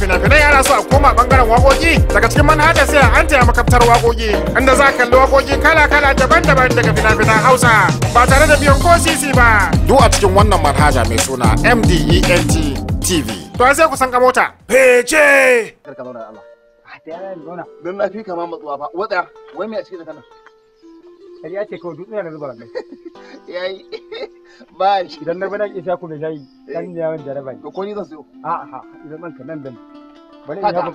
fina-finai ana so a koma bangaren wakoki daga cikin manhaja sai an taya makaftar wakoki inda za kalli wakoki kala-kala daban-daban daga fina-finan hausa ba tare da biyan ko sisi ba duk a cikin wannan manhaja mai suna mdent tv to sai ku san ka mota fece don ah, na fi kama matsuwa ba wata wai mai a cikin da ce kawai dutsen yayi ba shi idan na bana da shayi ne yawan jaraba ne ko ni zan siyo a a idan man ka nan dan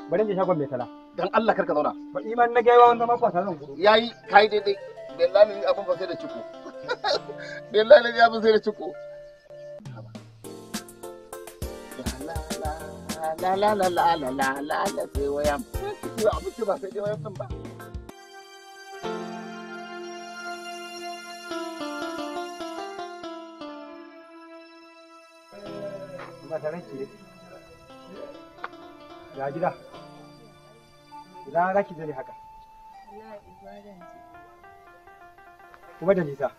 bari in shagon mai tala dan Allah karka zauna ba iman na gaiwa wanda mako ta zan yayi kai billahi ne abun ba da ciko billahi ne abun sai da ciko la la la la la la la la la la la wayan mata ranki ya gida ina za ki je ne haka kuma da nisa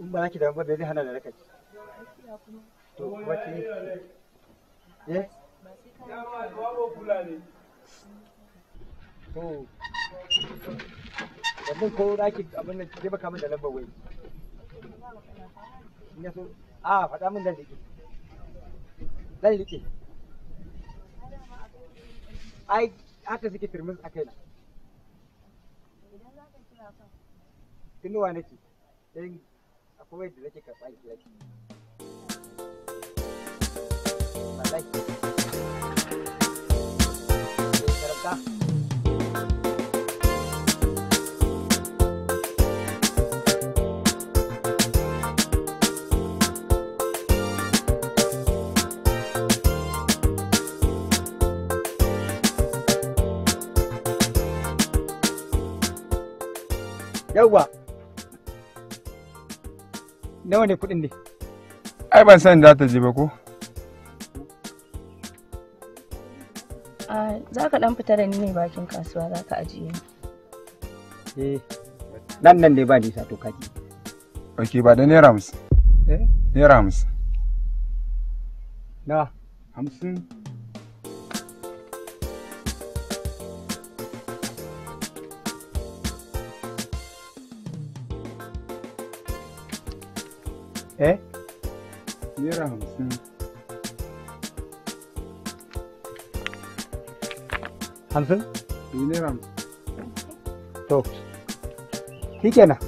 in ba za ki damu ba bai zai hana da raka ki to kuma ki eh to ko da abin da ke baka min da lambar wai in a faɗa min zan rike zan rike ai haka suke turmus a kaina tunuwa nake don akwai yadda nake karɓa ki Thank you. Yawwa. Nawa ne kudin ne? Ai ban san za ta je ba ko? Za ka ɗan fita da ni ne bakin kasuwa za ka ajiye ni. Eh, nan nan dai ba nisa to kaji. Ok, ba da Naira hamsin. Eh? Naira hamsin. Na? Hamsin. eh, eh hamsin to shi kenan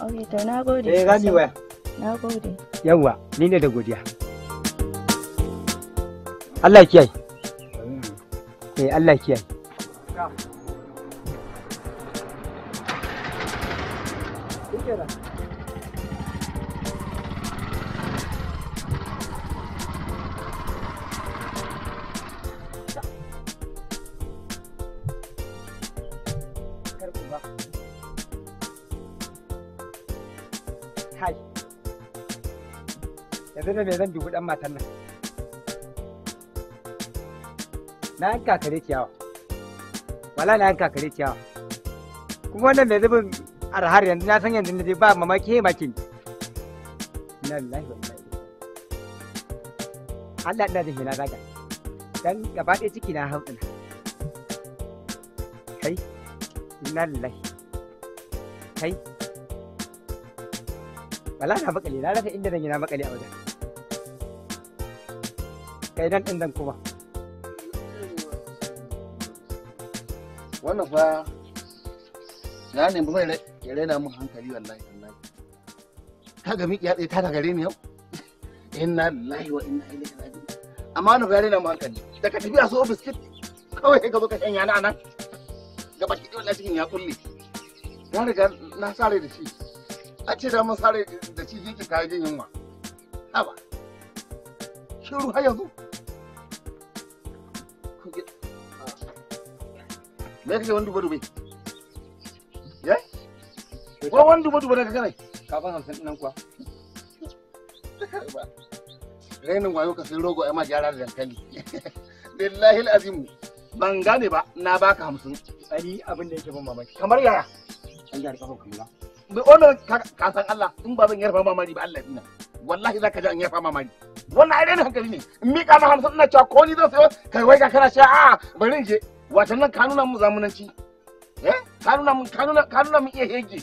ok eh, gani waya na gode ni ne da godiya Allah kiyaye eh Allah kiyaye yanzu da me zan dubu dan matan nan na yan kakare ciyawa wala na yan kakare ciyawa kuma wannan mai zubin arhar yanzu na san yanzu na ba mamaki he makin na lillahi wa inna Allah ina jin hina zaga dan gaba ɗaya ciki na hauɗina kai inna lillahi kai wala na makale na rasa inda zan yi na makale a wajen kai dan din dan kuma wannan fa na nemi mai ya raina mun hankali wallahi wallahi Ka ga miki ya tsaye ta daga gare ni yau inna lillahi wa inna ilaihi raji'un amma na ga raina mun hankali da ka tafi a so biskit kawai ka zo ka shanya na nan gaba ki wannan cikin ya kulle na riga na sare da shi a ce da mun sare da shi yake kayan yunwa haba shiru har yanzu me kake wani dube-dube ya ko wani ne ka kafin hamsin kuwa rainin wayo ka sai rogo ma gyara da dankali ban gane ba na baka hamsin ani abin da yake ban mamaki kamar yaya an gyara kafin san Allah in ba zan yarfa mamari ba Allah dina wallahi ka ji an yarfa mamari wannan hankali ne in mika ma hamsin ina cewa ko ni zan sayo kai wai ka kana cewa a bari in je wata nan kanuna mun zamananci eh kanuna mun kanuna kanuna mun iya hege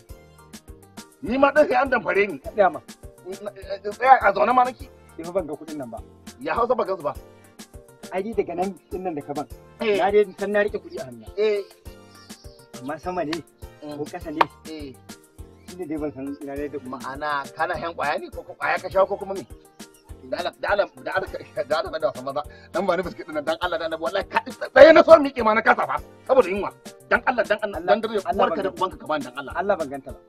ni ma dan sai an dan fare ni tsaya ma eh, eh, eh, tsaya a zauna ma nake ki fa ban ga kuɗin nan ba ya hausa ba gansu ba ai dai daga nan din nan da ka ban na dai san na rike kudi a hannu eh amma sama ne mm. ko kasa ne eh ina dai ban san ina dai da ma'ana kana hen kwaya ne ko kwaya ka sha ko kuma me da Allah da Allah da Allah da Allah da wasan maza dan ba ni da din dan Allah da wallahi ka tsaye na so mi ke ma na kasa fa saboda yunwa dan Allah dan Allah dan dare uwarka da ubanka ka bani dan Allah Allah ban ganta ba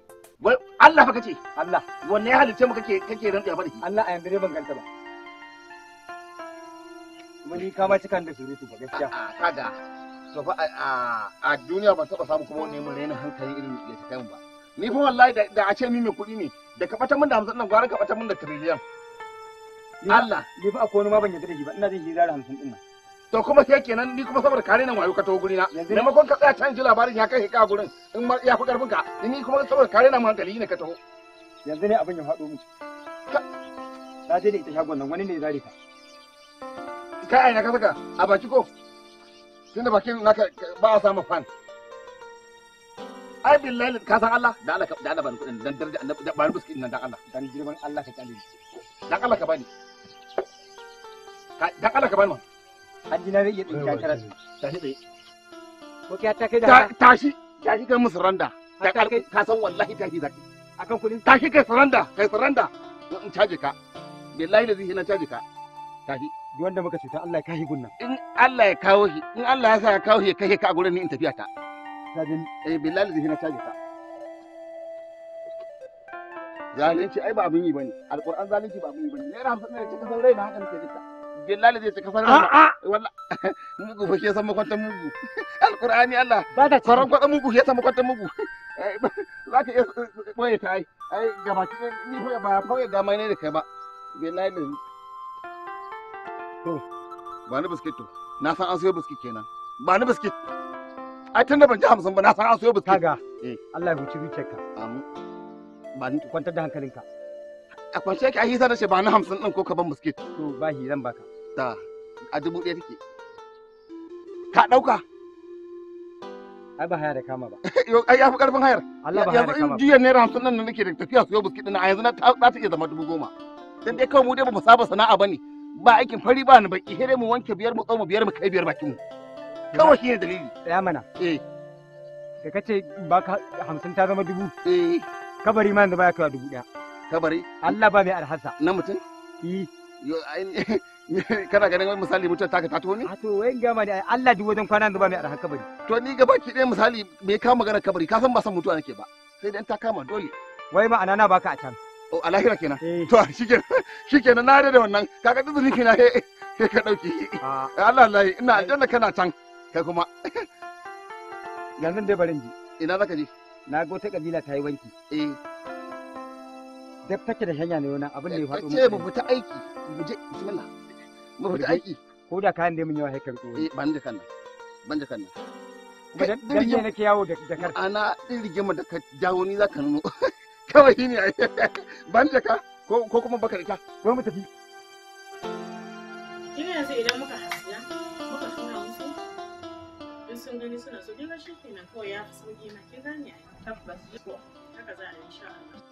wai Allah fa kace Allah wanne ya halice mu kake kake rantsa ba da Allah a yanzu dai ban ganta ba wani ka ma cikan da surutu ba gaskiya kaga to fa a duniya ban taba samu kuma wani mun raina hankali irin da ta kai ba ni fa wallahi da a ce ni mai kuɗi ne da ka fata min da hamsin nan gwara ka fata min da tiriliyan Allah ni ba akwai wani ma ban yadda da shi ba ina jin shi zara hamsin din nan to kuma sai kenan ni kuma saboda kare nan wayo ka taho guri na maimakon ka tsaya can ji labarin ya kai ka gurin in ma ya fi karfin ka ni kuma saboda kare nan hankali ne ka taho yanzu ne abin ya faɗo miki ta je da ita shagon nan wani ne zare ka ka aina ka saka a baki ko tunda bakin naka ba a samu fan ai billahi ka san Allah da Allah da Allah ban kudin dan daraja Allah ban biskin nan dan Allah dan girman Allah ka kalle dan Allah ka bani dan Allah ka bani ma. ji na rage din ka tara tashi tsaye ko ta kai da tashi tashi kai musu randa ka san wallahi tashi zaki akan kudin tashi kai suranda kai suranda in caje ka billahi da na caje ka tashi duk wanda muka cuta Allah ya kashi gunnan in Allah ya kawo shi in Allah ya sa ya kawo shi ya ka a gurin ni in tafiya ta sabin eh billahi da na caje ka zalunci ai ba abin yi bane alquran zalunci ba abin yi bane naira ne haka nake billahi zai cika sarar ba mugu san mugu za ka iya boye ta ai ai gaba ki ni ko ba ko ga mai ne da kai ba to ba ni biskit to na san an biskit kenan ba ni biskit ai ban ji hamsin ba na san an biskit kaga eh. Allah ya huci ba ni kwantar da hankalinka a kwanciya ki a hisa da shi ba na hamsin ɗin ko ka ban biskit to ba hiran baka da a dubu ɗaya take ka ɗauka ai ba haya da kama ba ai ya fi karfin hayar Allah ba haya da kama jiya naira hamsin nan nake da tafiya yau biskit ɗin a yanzu na ta iya zama dubu goma dan dai kawai mu dai ba mu saba sana'a bane ba aikin fari ba ni ba ki mu wanke biyar mu tsoma biyar mu kai biyar bakin mu kawai ne dalili tsaya mana eh da kace ba ka hamsin ta zama dubu eh kabari ma yanzu ba ya kai dubu ɗaya kabari Allah ba mai alhasa na mutum eh kana ganin wani misali mutum ta ta tuni? A to wai gama ne Allah duk wajen kwana zuba mai arha kabari. To ni gaba ki ɗaya misali me ka magana kabari ka san ba san mutuwa nake ba sai dan ta kama dole. Wai ma anana baka a can. O oh, a lahira kenan. Eh. To shikenan shikenan na da wannan kaga duzuri kenan he ka dauki. Ah. Allah Allah ina aljanna kana can kai kuma. Yanzu dai barin ji. Ina zaka je? Na ga wata kabila ta yi wanki. Eh. Dab take da hanya ne wannan abin da ya faɗo. Ce mu fita aiki mu je bismillah. mafi aiki ko da kayan da mun yawa haikan ko eh ban da kan nan ban da kan nan dan ne nake yawo da jakar ana din rigima da jawo ni zaka nuno kawai ne ban da ka ko kuma baka da ta ko mu tafi ina yanzu idan muka hasiya muka tuna musu in sun gani suna so dinga shi kenan kawai ya fi sauki na kin gane tabbas haka za a yi insha Allah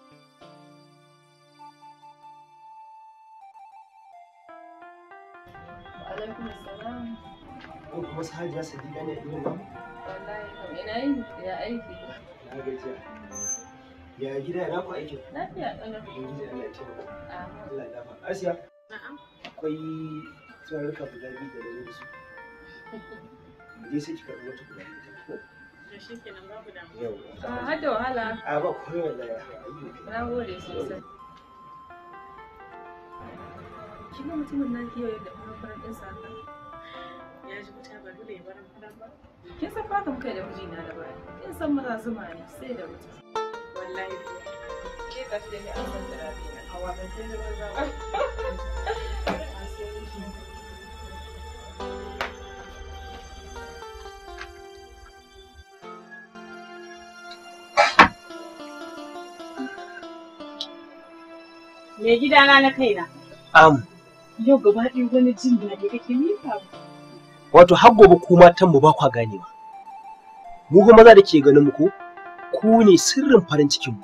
Ko kuma su hajiya su diga ne irin nan? Wallahi kam ina ya aiki. Na gajiya. Ya gida na ku aikin? Lafiya ɗanar. Asiya. guda biyu da sai wata guda biyu. Shi kenan babu damuwa. wahala. A ba kowa da ya. Na gode sosai. ki ga mutumin nan yau yadda faran faran din sa ya ji wuta ba dole ya ba kin san kai da mijina da baya kin san maza zuma ne sai da wuta wallahi ke ka sai ne kin gidana na kaina? Amu. yau gaba ɗaya wani jin daɗi kake yi wato har gobe ku matan mu ba kwa ganewa mu kuma maza da ke ganin mu ko ku ne sirrin farin cikin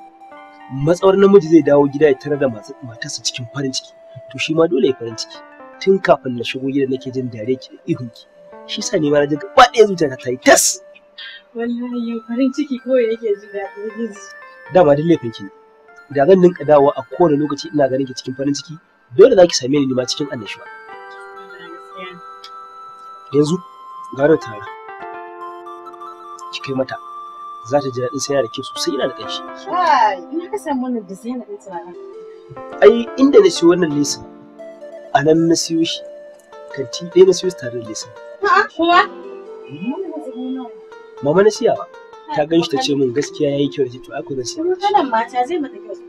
mu matsawar namiji zai dawo gida ya tarar da matarsa cikin farin ciki to shi ma dole ya farin ciki tun kafin na shigo gida nake jin dare ki da ihun ki shi sa ne ma na ji gaba ɗaya zuciya ta yi tas wallahi yau farin ciki kawai yake ji daɗi yake dama duk laifin ki ne da zan ninka dawowa a kowane lokaci ina ganin ki cikin farin ciki dole za ki same ni ma cikin annashuwa yanzu gano tara ki kai mata za ta ji daɗin sai da ke sosai yana da ƙanshi ina ka samu wannan da sai da ai inda na siyo wannan lesin a nan na siyo shi kanti ɗaya na siyo tare da lesin kuwa mama na siya ba ta gan shi ta ce min gaskiya ya yi kyau da to ai ku zan siya kalan mata zai mata kyau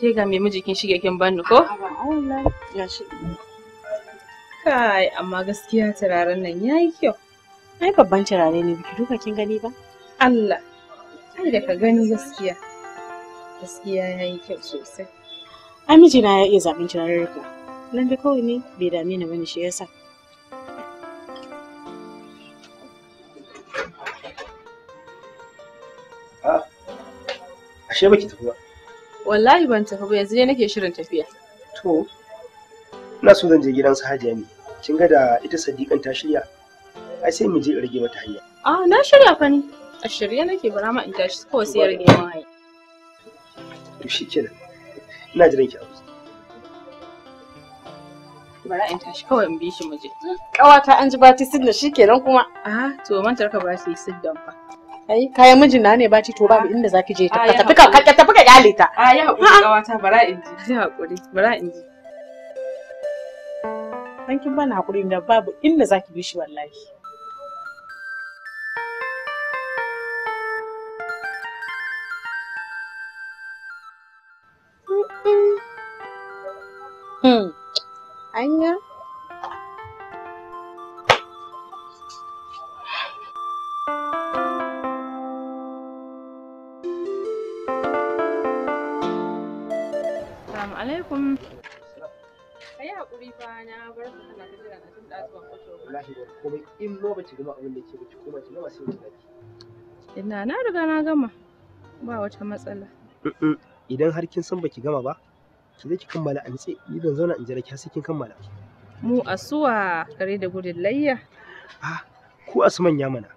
Ke ga mai miji kin shige kin banni ko? Kai, amma gaskiya turaren nan yayi kyau. Ai babban turare ne biki duka kin gani ba? Allah. Ai da ka gani gaskiya. Gaskiya yayi kyau sosai. Ai mijina ya iya turare turarurruka. Nan da kawai ne bai dame ni bane shi yasa. Ah, ashe baki tafi ba. Wallahi ban tafi ba yanzu ne nake shirin tafiya. To, ina so zan je gidan su Hajiya ne. Kin ga da ita Sadiqan ta shirya? Ai sai mu je in rage mata hanya. Ah, na shirya fa ni. A shirye nake bara ma in tashi ko sai ya rage min to shi kenan Ina jiran ki a Bara in tashi kawai in bi shi mu je. Kawata an ji ba ta sidda shikenan kuma. Ah, to mantar ka ba ta siddan fa. ai kayan mijina ne baci to babu inda zaki je ta tafi ka ka tafi ka yale ta a ya hakuri kawata bara in ji ya hakuri bara in ji dan kin bana hakuri da babu inda zaki bi shi wallahi alaikum. Ina na riga na gama ba wata matsala. Idan har kin san baki gama ba ki zai ki kammala a nitse ni zan zauna in jira ki har sai kin kammala. Mu asuwa kare da gudun layya. a ku asu manya mana.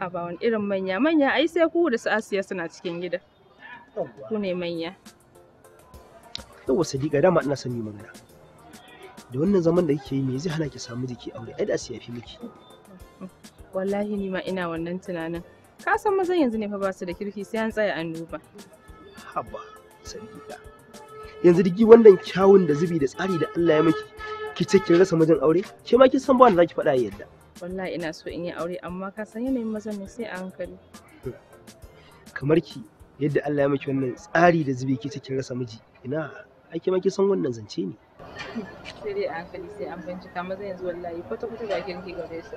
A ba wani irin manya manya ai sai ku da su asiya suna cikin gida. Ku ne manya. yawa sadiqa dama ina son yi magana da wannan zaman da kike yi me zai hana ki samu jiki aure ai da su yafi miki wallahi ni ma ina wannan tunanin ka san mazan yanzu ne fa ba su da kirki sai an tsaya an duba haba sadiqa yanzu digi wannan kyawun da zubi da tsari da Allah ya miki ki ce kin rasa mijin aure ke ma kin san ba wanda zaki faɗa yadda wallahi ina so in yi aure amma ka san yanayin mazan ne sai a hankali kamar ki yadda Allah ya miki wannan tsari da zubi ke ce kin rasa miji ina ake ma san wannan zance ne sai dai an hankali sai an bincika maza yanzu wallahi kwata kwata ba kin ki gare su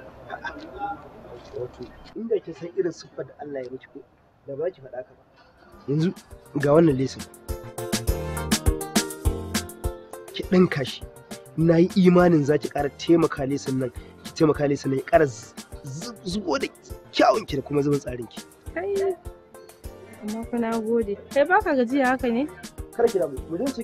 wato inda kin san irin siffar da Allah ya miki ko da ba ki faɗa ka ba yanzu ga wannan lesson ki ɗan kashi. na yi imanin za ki ƙara taimaka lesson nan ki taimaka lesson nan ya ƙara zubo da kyawun ki da kuma zubin tsarin ki Kai amma fa na gode kai baka gajiya haka ne kar ki damu ka da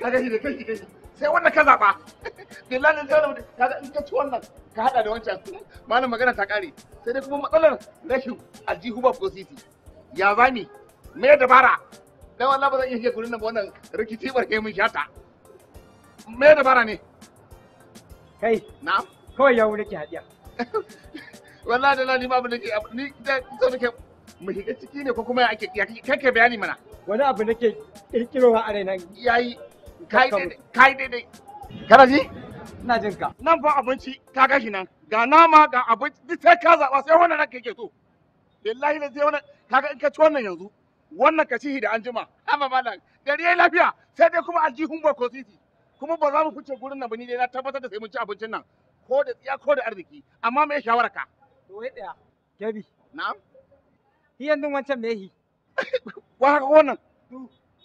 kaga in ka ci wannan ka hada da wancan malam magana ta kare sai dai kuma matsalar rashin ba ya zani me dabara dan wallahi ba zan barke mun shata me dabara ne kai kawai ya wuce hadiya wallahi da ni babu nake ni da so nake mu shiga ciki ne ko kuma ake ya kake bayani mana wani abu nake kirkirowa a raina yayi kai daidai kai daidai kana ji ina jin ka nan fa abinci ka gashi nan ga nama ga abinci duk sai ka zaba sai wannan ranka ke so billahi da sai wannan kaga in ka ci wannan yanzu wannan ka cihi da anjima amma malam dare yayi lafiya sai dai kuma aljihun ba kuma ba za mu fice gurin nan ba ni dai na tabbatar da sai mun ci abincin nan ko da tsiya ko da arziki amma me shawara ka to wai daya gabi na'am hi yanzu wancan me hi wa haka wannan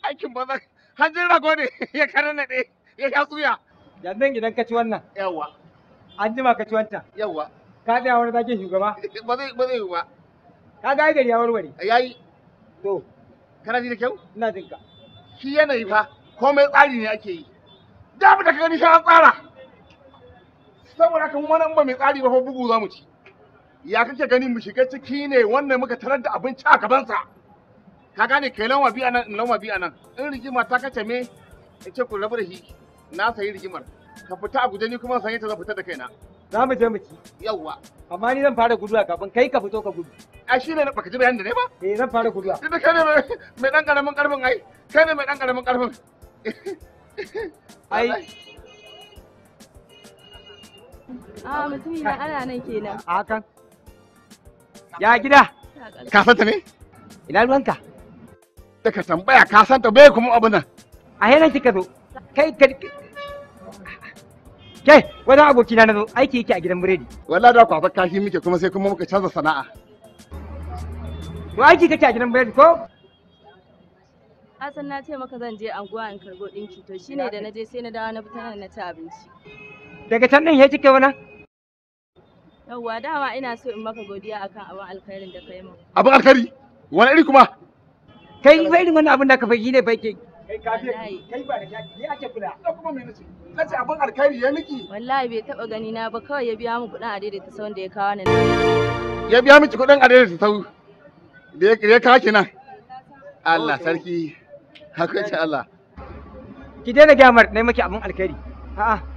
aikin banza hanjin rago ne ya karana ɗaya, ya sha suya yanzu gidan ka ci wannan yawa an jima ka ci wancan yawa ka da yawar zakin shugaba ba zai ba zai ba ka ga gari yawar wari yayi to kana ji da kyau ina jinka shi yanayi fa komai tsari ne ake yi da mu da ka gani shi an tsara saboda haka mu nan ba mai tsari ba fa bugu za mu ci ya kake ganin mu shiga ciki ne wannan muka tarar da ci a sa ka gane kai lauma bi anan lauma bi anan in rigima ta kace me in ce ku rabu da shi na sayi rigimar ka fita a guje ni kuma sanye ta zan da kaina za mu je mu ci yawwa amma ni zan fara guduwa kafin kai ka fito ka gudu a shi ne baka ji bayanin da ne ba eh zan fara guduwa idan kai ne mai dan karamin karfin ai kai ne mai dan karamin karfin ai A ah, mutumi na ana nan kenan. A Ya gida. Ka santa ne? Ina ruwanka? Da ka tambaya ka santa bai kuma abu nan. A hera kika zo. Kai ka Kai, wani abokina na zo aiki yake a gidan biredi. Wallahi da kwafa kashi muke kuma sai kuma muka canza sana'a. To aiki kake a gidan biredi ko? Hassan na ce maka zan je anguwa in karbo ɗinki to shine da na je sai na dawo na fita na ci abinci. daga can din ya cike wani yawwa dawa ina so in maka godiya akan abin alkhairin da kai min abin alkhairi wani iri kuma kai fa irin wannan abin da ka fagi ne baki. ke kai ka kai ba da kyaki ya ake kula ko kuma me nace abin alkhairi ya miki wallahi bai taba gani na ba kawai ya biya mu kudin ta sau da ya kawo nan ya biya miki kudin ta sau da ya kawo ki nan Allah sarki hakan Allah ki daina gyamar nai maki abin alkhairi a'a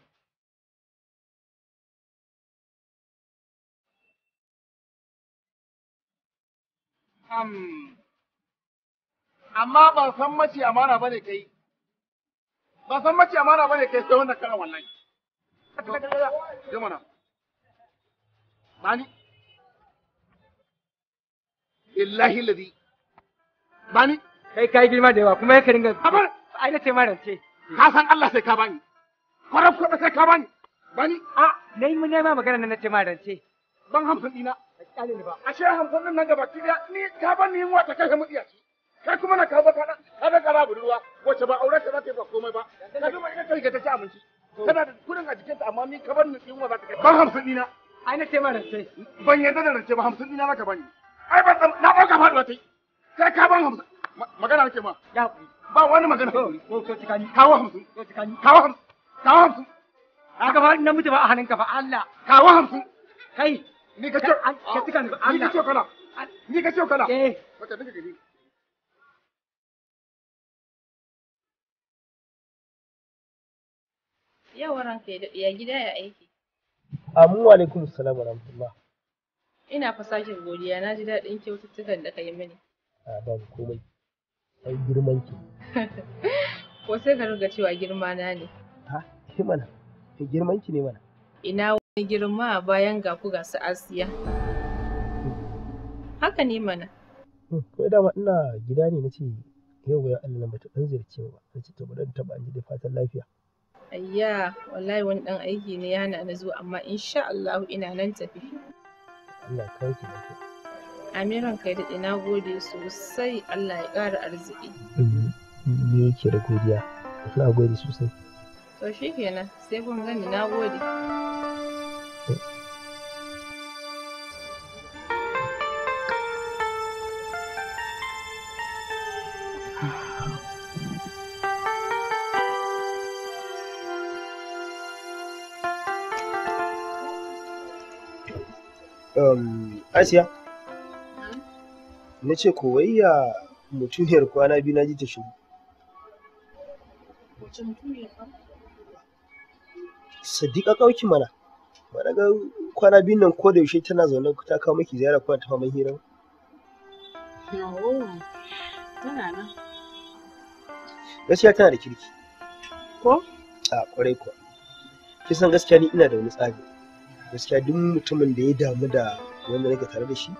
amma ba san mace amana bane kai ba san mace amana bane kai sai wannan karan wallahi jama'a bani illahi ladhi bani kai kai girma da yawa kuma ka ringa abar ai na ce ma rance ka san Allah sai ka bani kwarar kwarar sai ka bani bani a nayi mun nema magana na ce ma rance ban hamsin dina kyale ni ba ashe hamsin din nan gaba kiya ni ka ban ni wata kai mu iya kai kuma na ka ba ka ka da budurwa wace ba aure ta za ta ba komai ba ka duba ina ta riga ta ci aminci kana da kudin a jikinta amma ni ka ban ni yunwa za ta kai ban hamsin dina ai na ce ma rance ban yarda da rance ba hamsin dina za ka bani ai ban na ɗauka faɗuwa ta yi sai ka ban hamsin magana nake ma ya ba wani magana kawo hamsin kawo hamsin kawo hamsin haka na namiji ba a hannunka ba Allah kawo hamsin kai ni ka ce kana ni ka ce kana eh wata daga gari yawan ya gida ya aiki amu alaikum salam wa rahmatullah ina fasashin godiya na ji daɗin kyaututtukan da ka yi mini a ah, ba komai ai girman ki ko sai ka riga cewa girma na ne ha ki mana ki girman ki ne mana ina ta girma bayan ga ku ga su Asiya. Haka ne mana. Ko hmm, dama ina gida ne nace yau ya Allah bata dan zirce ba nace to bari ta ni da fatan lafiya. Ayya wallahi wani dan aiki ne ya na zuwa amma insha Allah ina nan tafi. Allah ka ki maka. Amiran kai da ina gode sosai Allah ya ƙara arziki. Ni yake da godiya. Ina gode sosai. To shikenan sai kun gani na gode. Um, Asiya, na ce kowaiya mutumiyar kwana biyu na ji ta shigo. sadiƙa ƙauki mana. na ga kwana biyun nan ko da yaushe tana zaune ta kawo miki ziyara kuna ta faman hira. tana nan. Gaskiya tana da kirki. Ko? A kwarai kuwa. Kin san gaskiya ni ina da wani tsari. Gaskiya duk mutumin da ya damu da wanda nake tare da shi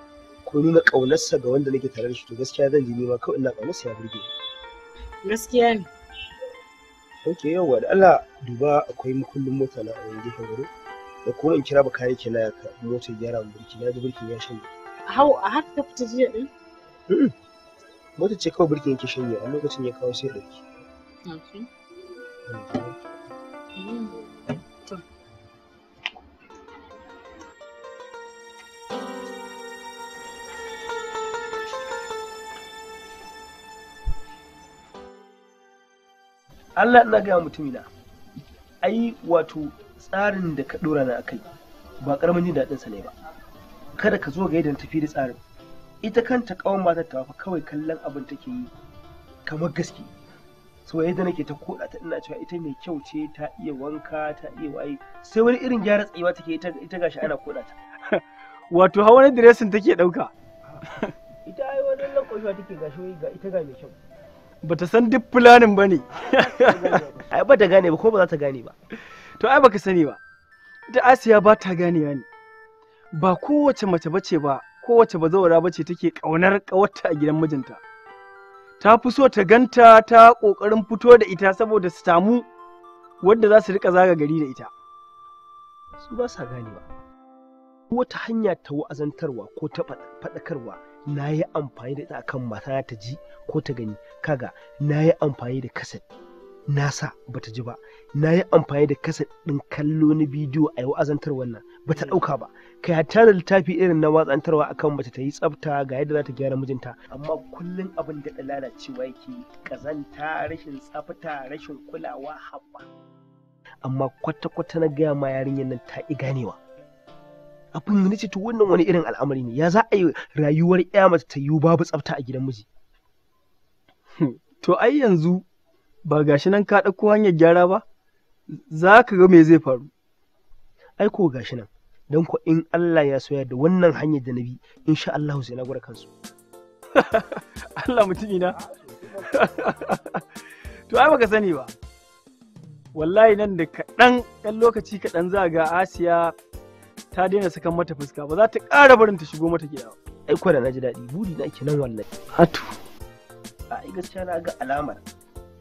ko nuna ƙaunarsa ga wanda nake tare da shi to gaskiya zan ji nima kawai ina ƙaunarsa ya burge. Gaskiya ne. Ok yawwa da Allah duba akwai makullin mota na a wani gefen gari. da kuma in kira baka yake na mota gyara birki na ji birkin ya shanye hau a haka ta fita jiya din motar ce kawai birkin yake shanye a lokacin ya kawo sai ɗauki mm. Allah ina gaya mutumina ai wato tsarin da ka dora na kai ba karamin jin daɗinsa ne ba kada ka zo ga yadda tafi da tsarin ita kanta kawon matar ta fa kawai kallon abin take yi kamar gaske so yadda nake ta koda ta ina cewa ita mai kyau ce ta iya wanka ta iya waye sai wani irin gyara tsayuwa take ita ita gashi ana koda ta wato hawa wani diresin take dauka ita ai wani lokacin take gashi ga ita ga mai kyau bata san duk planin bane ai bata gane ba ko ba za ta gane ba to ai baka sani ba da asiya ba ta ganewa ne ba kowace mace bace ba kowace bazawara bace take ƙaunar ƙawarta a gidan mijinta ta fi so ta ganta ta ƙoƙarin fito da ita saboda su samu wanda za su rika zaga gari da ita su ba sa ganewa wata hanya ta wa'azantarwa ko ta faɗakarwa na yi amfani da ita akan mata ta ji ko ta gani kaga na yi amfani da kaset nasa bata ji ba na yi amfani da kasa ɗin kallo na bidiyo a yau azantar wannan bata hmm. ɗauka ba kai hatta da littafi irin na watsantarwa akan mace ta yi tsafta ga yadda za ta gyara mijinta amma kullum abin da lalacewa yake kazanta rashin tsafta rashin kulawa haɓa amma kwata-kwata na gaya ma yarinyar nan ta yi ganewa abin da ce to wannan wani irin al'amari ne ya za a yi rayuwar ya mace ta yi babu tsafta a gidan miji to ai yanzu ba gashi nan ka ɗauko hanyar gyara ba za ka ga me zai faru ai ko gashi nan don ko in Allah ya soya da wannan hanyar da nabi sha Allah sai na gura kansu Allah mutumi na to ai baka sani ba wallahi nan da kaɗan ɗan lokaci kaɗan za ga Asiya ta daina saka mata fuska ba za ta ƙara barin ta shigo mata gida ai ko da na ji daɗi buri na nan wallahi hatu ai gaskiya na ga alamar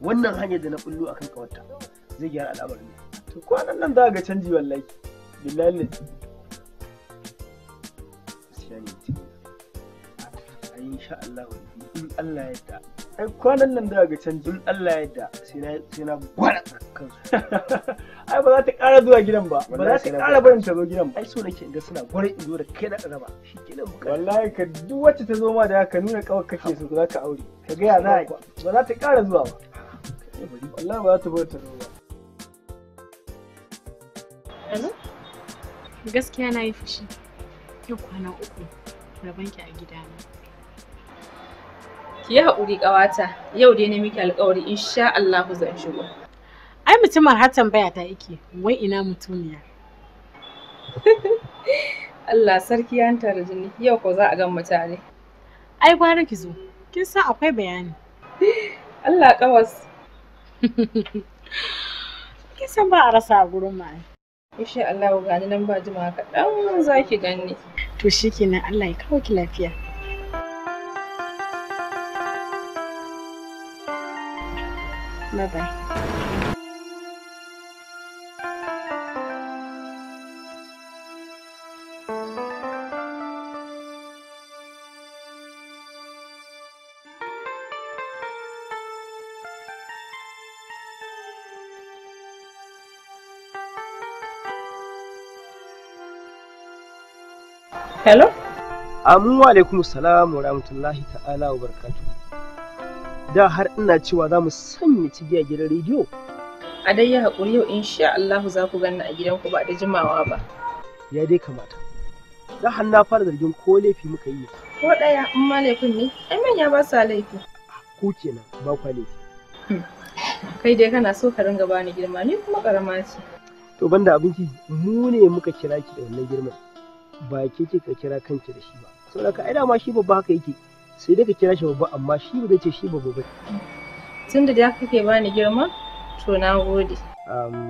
wannan hanyar da na bullo akan kawarta zai gyara al'amarin to kwanan nan za ga canji wallahi billahi sha Allah in Allah ya yarda ai kwanan nan da ga canji in Allah ya yarda sai na sai na gwada kansu ai ba za ta ƙara zuwa gidan ba ba za ta ƙara barin ta zo gidan ba ai so nake ga suna gwara in zo da kai na raba shi kenan bukata wallahi ka duk wacce ta zo ma da ka nuna kawai kake so za ka aure ka ga ya za ba za ta ƙara zuwa ba wallahi ba ta bata ba Gaskiya na yi fushi. Yau kwana uku rabon ki a gida na. Ki yi haƙuri ƙawata, yau dai na miki alƙawari insha Allah zan shigo. Ai mutumar har tambaya ta yake, wai ina mutumiya. Allah sarki ya tara jini, yau ko za a gan mutane. Ai gwara ki zo, kin san akwai bayani. Allah ƙawas, Kisan ba a rasa a gurin ma. Insha Allah ga ni nan ba jima kaɗan za ki ganni. To shikenan Allah ya kawo ki lafiya. Bye bye. hello amin wa alaikum salamu wa rahmatullahi ta'ala wa barakatu da har ina cewa za mu sanya cigiya gidan rediyo a dai ya haƙuri yau insha Allah za ku ganna a gidanku ba da jimawa ba ya dai kamata da har na fara zargin ko laifi muka yi ko ɗaya in ma laifin ne ai manya ba sa laifi ku kenan ba ku laifi hmm. kai dai kana so ka ringa bani girma ni kuma karama ce to banda abinci mu ne muka kira ki da wannan girman ba ke ka kira kanki da shi ba saboda ka aida ma shi babba haka yake sai dai ka kira shi babba amma shi ba zai ce shi babba ba tun da da kake bani girma to na gode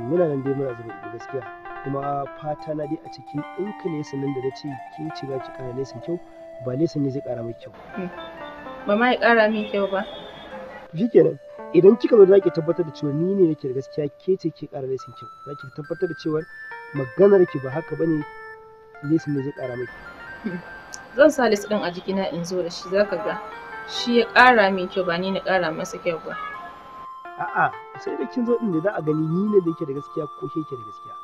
muna nan dai muna zuba gaskiya kuma fata na dai a cikin ɗinka ne sanin da na ce ke ci ga ki ƙara nesa kyau ba nesa ne zai ƙara mai kyau hmm. ba ma ya ƙara min kyau ba kenan idan kika zo zaki tabbatar da cewa ni ne nake da gaskiya ke ce ke ƙara nesa kyau zaki tabbatar da cewa maganar ki ba haka bane lisin ne zai ƙara miki zan sa lis ɗin a jikina in zo da shi zaka ga shi ya ƙara min kyau ba ni na ƙara masa kyau ba a'a sai da kin zo din da za a gani ni ne da yake da gaskiya ko ke da gaskiya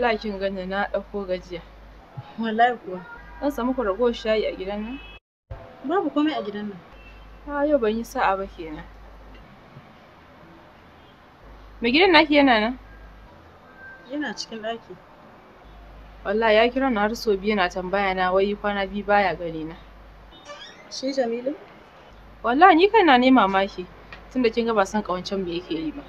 Wallahi kin gani na ɗauko gajiya. Wallahi kuwa. Zan samu ku ragowar shayi a gidan nan? Babu komai a gidan nan. A yau ban yi sa'a ba kenan. Mai gidan naki yana nan? Yana cikin ɗaki. Wallahi ya kira na har sau biyu yana tambaya na wai kwana biyu baya gani na. Shi Jamilu? Wallahi ni na ne mamaki tunda kin ga ba san ƙawancen me yake yi ba.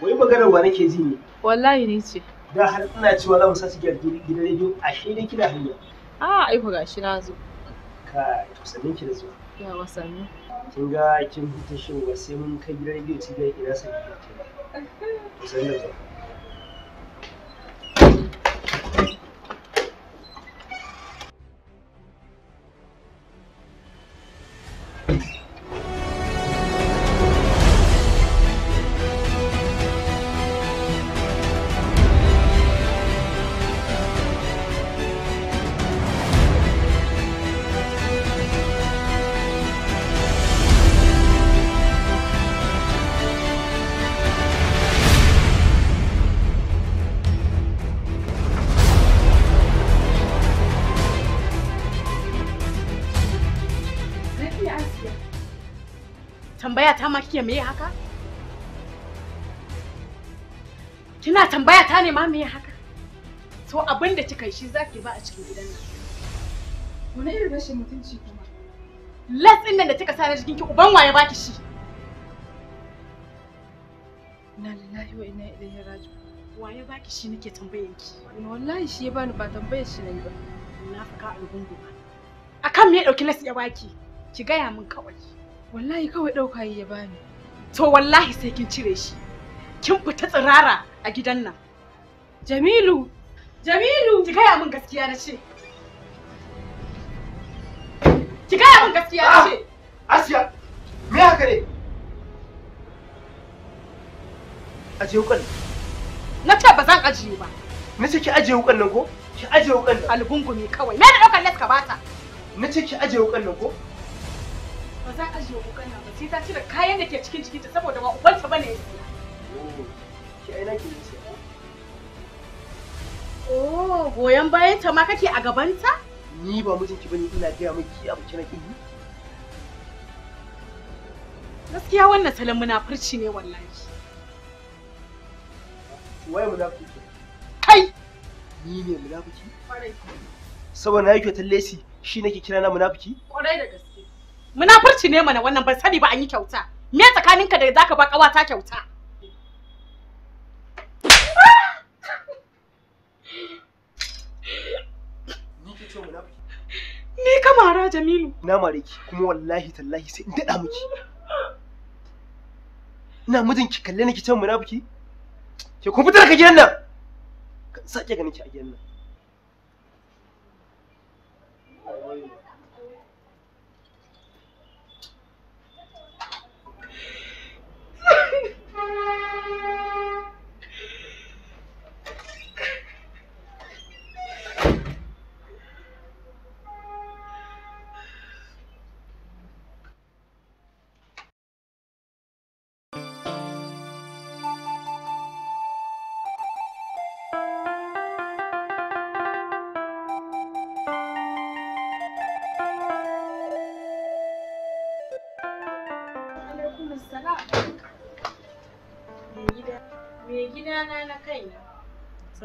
Wai maganar wa nake ji ne? Wallahi ni ce. da har ina cewa za mu sa su gidan rediyo a shirin kina hanya a ai ku gashi na zo ka to sannin ki da zuwa yawa sannin kin ga kin huta shin sai mun kai gidan rediyo ci ga ina sai ki ta kusan da zuwa tambaya ta ma kike me haka kina tambaya ta ne ma me haka to abin da kika yi shi zaki ba a cikin gidan nan wani irin rashin mutunci kuma latsin nan da kika sa na jikin ki uban waye baki shi na lillahi wa inna ilaihi raji'un waye baki shi nake tambayan ki wallahi shi ya bani ba tambayar shi ne ba na fuka algungu ba akan me ya dauki nasi ya baki ki gaya min kawai Wallahi kawai ɗauka ya bani. To wallahi sai kin cire shi. Kin fita tsirara a gidan nan. Jamilu! Jamilu! Ki gaya min gaskiya na ce. Ki gaya min gaskiya na ce. Ah! Asiya, me haka ne? Aje wukan. Na ce ba zan ajiye ba. Na ce ki ajiye wukan nan ko? Ki ajiye wukan nan. Algungumi kawai. Na da ɗaukar laska bata. Na ce ki ajiye wukan nan ko? ba za a jiwa kokana ba sai ta cire kayan da ke cikin cikinta saboda ba ubanta ba ne ki aina ki ne Oh, goyon bayan ta ma kake a gabanta? Ni ba mijinki bane ina gaya miki abu kina ki Gaskiya wannan salon munafurci ne wallahi. Waye munafurci? Kai! Ni ne munafurci? Kwarai. Saboda na yake lesi shi nake kira na munafurci? Kwarai da gaske. munafurci ne mana wannan ban sani ba an yi kyauta me tsakaninka da zaka ba kawata kyauta ni ka mara jamilu na mare ki kuma wallahi tallahi sai in daɗa miki ina mijin ki kalle ni ki ce munafiki ke ku fitar ka gidan nan sake ganin ki a gidan nan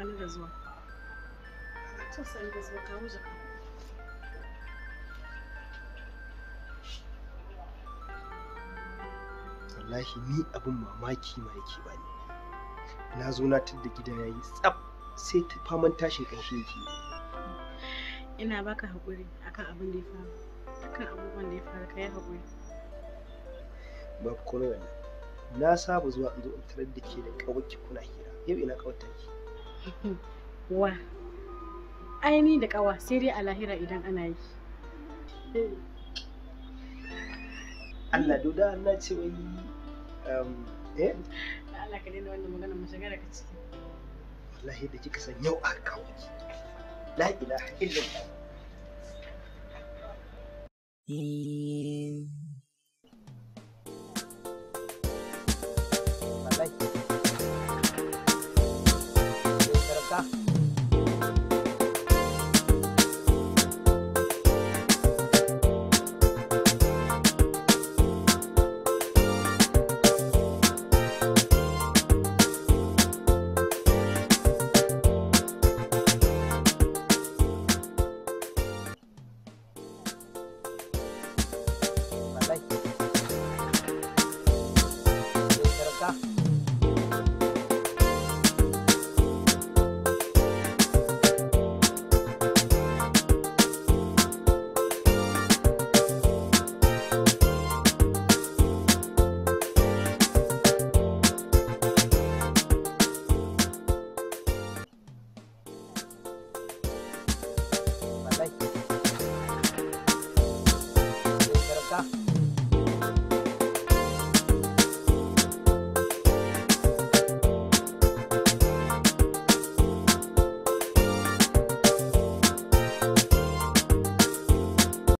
sani da zuwa to sani da zuwa kawo jaka wallahi ni abin mamaki ma yake ba ne na zo na tadda gida yayi tsaf sai ta faman tashin ƙarshe yake ina baka haƙuri akan abin da ya faru akan abubuwan da ya faru kai haƙuri babu komai wannan na saba zuwa in zo in tarar da ke da ƙawar kuna hira yau ina kawai take wa aini da kawa sai dai a lahira idan ana yi Allah duda Allah ce wai um, eh Allah ka dena wannan magana mu shiga daga ciki wallahi da kika san yau aka kawo ki la ilaha illallah eh.